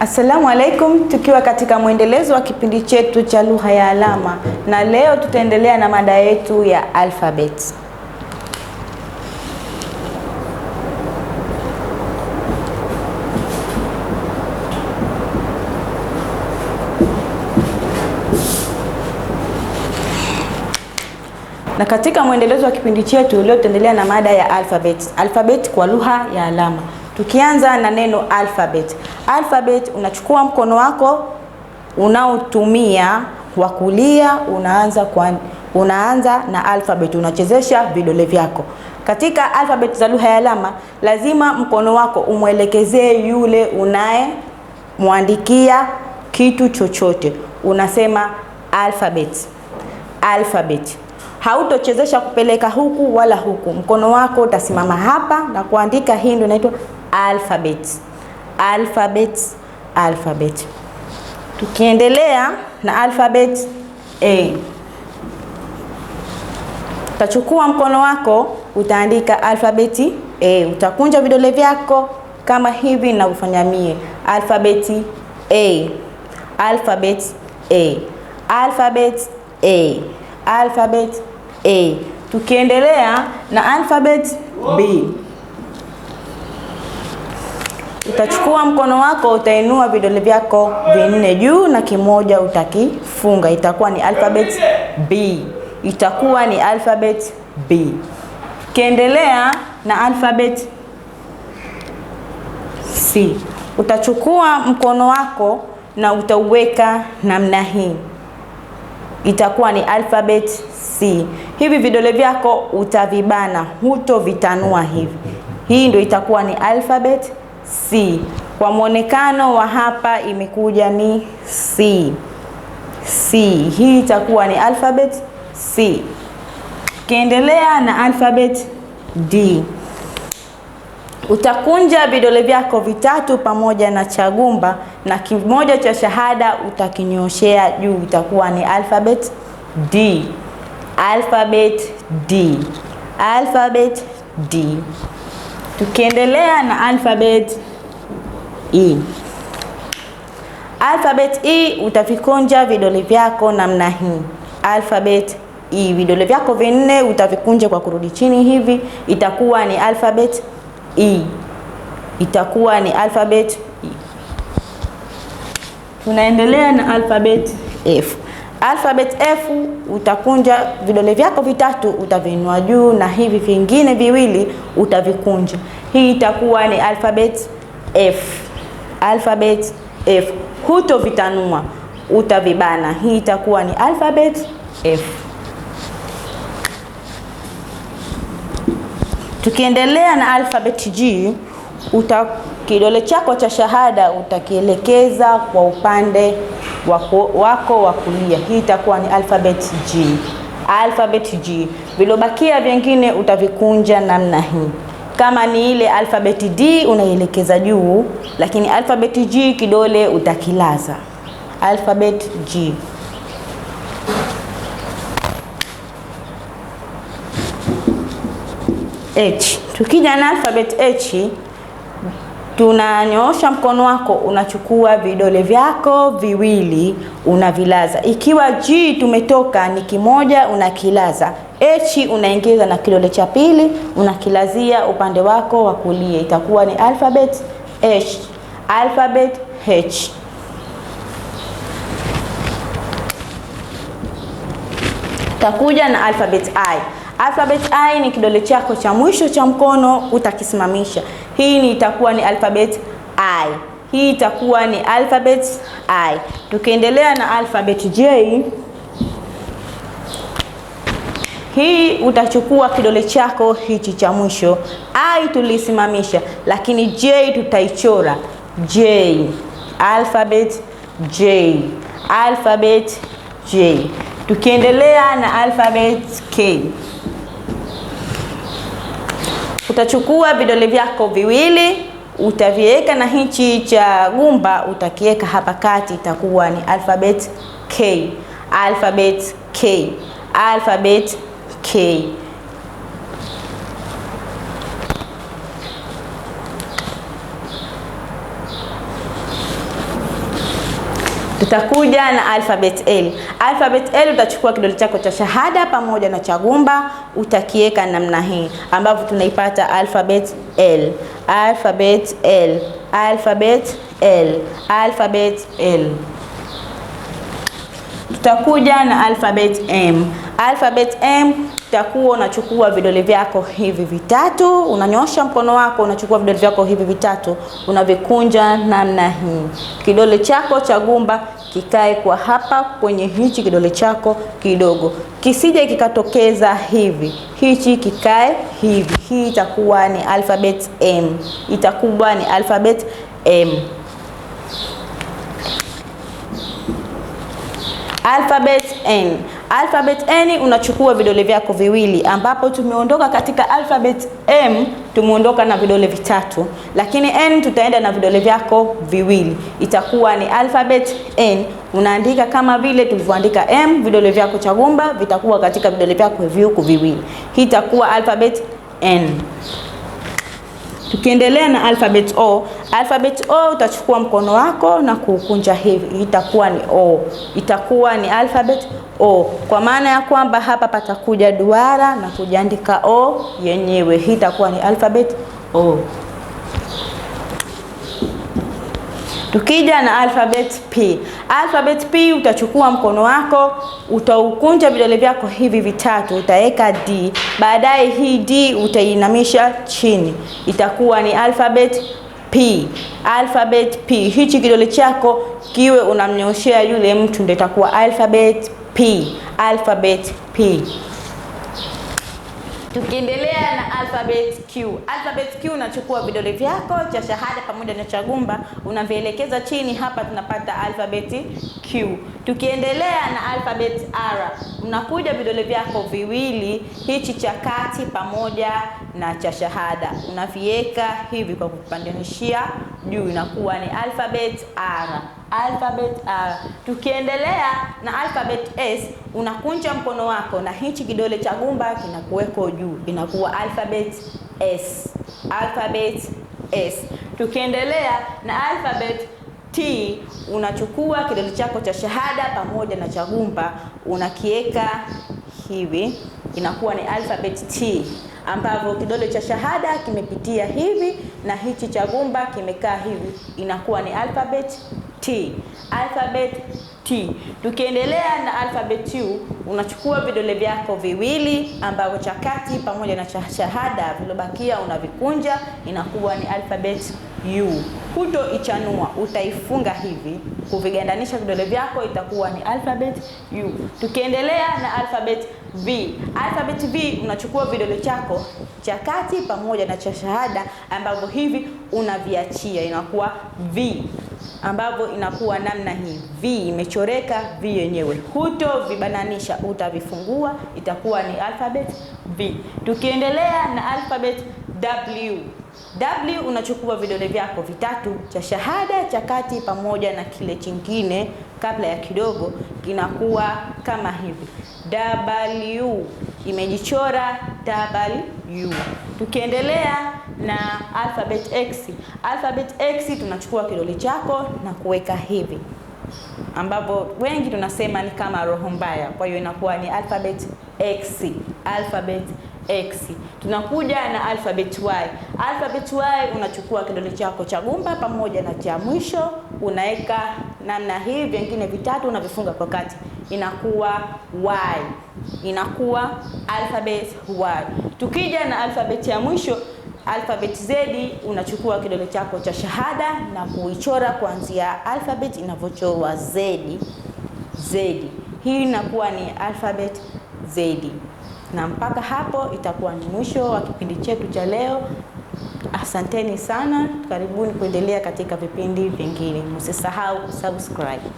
Assalamu alaikum, tukiwa katika mwendelezo wa kipindi chetu cha lugha ya alama, na leo tutaendelea na mada yetu ya alphabet. Na katika mwendelezo wa kipindi chetu leo tutaendelea na mada ya alphabet. Alphabet kwa lugha ya alama, tukianza na neno alphabet alphabet, unachukua mkono wako unaotumia wa kulia, unaanza kwa unaanza na alphabet, unachezesha vidole vyako katika alfabeti za lugha ya alama. Lazima mkono wako umwelekezee yule unayemwandikia kitu chochote. Unasema alphabet, alphabet. Hautochezesha kupeleka huku wala huku, mkono wako utasimama hapa na kuandika. Hii ndio inaitwa alphabet alphabet alphabet. Tukiendelea na alphabet A, utachukua mkono wako utaandika alfabeti A, utakunja vidole vyako kama hivi ninavyofanya mie. Alfabeti A, alfabet A, alfabet A, alfabet A. Tukiendelea na alfabet B Utachukua mkono wako, utainua vidole vyako vinne juu na kimoja utakifunga, itakuwa ni alphabet B, itakuwa ni alphabet B. kiendelea na alphabet C, utachukua mkono wako na utauweka namna hii, itakuwa ni alphabet C. Hivi vidole vyako utavibana, hutovitanua hivi. Hii ndio itakuwa ni alphabet C. Kwa mwonekano wa hapa imekuja ni C. C. Hii itakuwa ni alphabet C. Ukiendelea na alphabet D. Utakunja vidole vyako vitatu pamoja na chagumba na kimoja cha shahada utakinyoshea juu, itakuwa ni alphabet D. Alphabet D. Alphabet D. Tukiendelea na alfabeti E. Alfabeti E utavikunja vidole vyako namna hii. Alfabeti E, vidole vyako vinne utavikunja kwa kurudi chini hivi, itakuwa ni alfabeti E. Itakuwa ni alfabeti E. Tunaendelea na alfabeti F. Alphabet F utakunja vidole vyako vitatu utaviinua juu na hivi vingine viwili utavikunja. Hii itakuwa ni alphabet F. Alphabet F hutovitanua, utavibana. Hii itakuwa ni alphabet F. Tukiendelea na alphabet G, uta kidole chako cha shahada utakielekeza kwa upande wako, wako wa kulia. Hii itakuwa ni alphabet G, alphabet G. Vilobakia vyengine utavikunja namna hii. Kama ni ile alphabet D unaielekeza juu, lakini alphabet G kidole utakilaza. Alphabet G H. Tukija na alphabet H tunanyoosha mkono wako, unachukua vidole vyako viwili unavilaza. Ikiwa G tumetoka ni kimoja, unakilaza. H unaingiza na kidole cha pili unakilazia upande wako wa kulia, itakuwa ni alphabet H, alphabet H. Takuja na alphabet I. Alphabet I ni kidole chako cha mwisho cha mkono utakisimamisha. Hii ni itakuwa ni alphabet I. Hii itakuwa ni alphabet I. Tukiendelea na alphabet J, hii utachukua kidole chako hichi cha mwisho. I tulisimamisha, lakini J tutaichora. J, alphabet J, alphabet J. Tukiendelea na alphabet K Utachukua vidole vyako viwili utaviweka na hichi cha gumba utakiweka hapa kati, itakuwa ni alphabet K, alphabet K, alphabet K. utakuja na alphabet L. Alphabet L utachukua kidole chako cha shahada pamoja na cha gumba utakiweka namna hii ambavyo tunaipata alphabet L. Alphabet L. Alphabet L. Alphabet L tutakuja na alphabet M. Alphabet M utakuwa unachukua vidole vyako hivi vitatu, unanyosha mkono wako, unachukua vidole vyako hivi vitatu, unavikunja namna hii. Kidole chako cha gumba kikae kwa hapa kwenye hichi kidole chako kidogo, kisije kikatokeza hivi, hichi kikae hivi. Hii itakuwa ni alphabet M, itakuwa ni alphabet M. Alphabet N. Alphabet N unachukua vidole vyako viwili, ambapo tumeondoka katika alphabet M, tumeondoka na vidole vitatu, lakini N tutaenda na vidole vyako viwili, itakuwa ni alphabet N. Unaandika kama vile tulivyoandika M, vidole vyako cha gumba vitakuwa katika vidole vyako hivi huku viwili. Hii itakuwa alphabet N. Tukiendelea na alphabet O, alphabet O utachukua mkono wako na kuukunja hivi, itakuwa ni O, itakuwa ni alphabet O, kwa maana ya kwamba hapa patakuja duara na kujaandika O yenyewe. Hii itakuwa ni alphabet O. Tukija na alphabet P. Alphabet P utachukua mkono wako, utaukunja vidole vyako hivi vitatu, utaweka D. Baadaye hii D utainamisha chini, itakuwa ni alphabet P. Alphabet P. Hichi kidole chako kiwe unamnyoshea yule mtu, ndio itakuwa alphabet P. Alphabet P. Tukiendelea na alphabet Q. Alphabet Q unachukua vidole vyako cha shahada pamoja na cha gumba unavielekeza chini, hapa tunapata alphabet Q. Tukiendelea na alphabet R, unakuja vidole vyako viwili, hichi cha kati pamoja na cha shahada unaviweka hivi kwa kupandanishia juu inakuwa ni alphabet R, alphabet R. Tukiendelea na alphabet S, unakunja mkono wako na hichi kidole cha gumba kinakuweko juu, inakuwa alphabet S, alphabet S. Tukiendelea na alphabet T, unachukua kidole chako cha shahada pamoja na cha gumba unakiweka hivi, inakuwa ni alphabet T ambavyo kidole cha shahada kimepitia hivi na hichi cha gumba kimekaa hivi, inakuwa ni alphabet T. Alphabet T. Tukiendelea na alphabet U, unachukua vidole vyako viwili ambavyo cha kati pamoja na cha shahada vilobakia unavikunja, inakuwa ni alphabet U. ichanua, utaifunga hivi, kuvigandanisha vidole vyako itakuwa ni alphabet U. Tukiendelea na alphabet V. Alphabet V unachukua vidole chako cha kati pamoja na cha shahada ambavyo hivi unaviachia, inakuwa V ambavyo inakuwa namna hii v imechoreka v yenyewe, hutovibananisha, utavifungua, itakuwa ni alphabet v. Tukiendelea na alphabet w, w unachukua vidole vyako vitatu, cha shahada, cha kati pamoja na kile chingine kabla ya kidogo, kinakuwa kama hivi w imejichora W. Tukiendelea na alphabet X. Alphabet X tunachukua kidole chako na kuweka hivi, ambapo wengi tunasema ni kama roho mbaya, kwa hiyo inakuwa ni alphabet X. Alphabet X. Tunakuja na alphabet Y. Alphabet Y unachukua kidole chako cha gumba pamoja na cha mwisho unaweka namna hii, vingine vitatu unavifunga kwa kati, inakuwa Y inakuwa alphabet y. Tukija na alfabet ya mwisho alfabeti z, unachukua kidole chako cha shahada na kuichora kuanzia alfabeti inavyochorwa z z. Hii inakuwa ni alphabet z, na mpaka hapo itakuwa ni mwisho wa kipindi chetu cha leo. Asanteni sana, karibuni kuendelea katika vipindi vingine. Msisahau kusubscribe.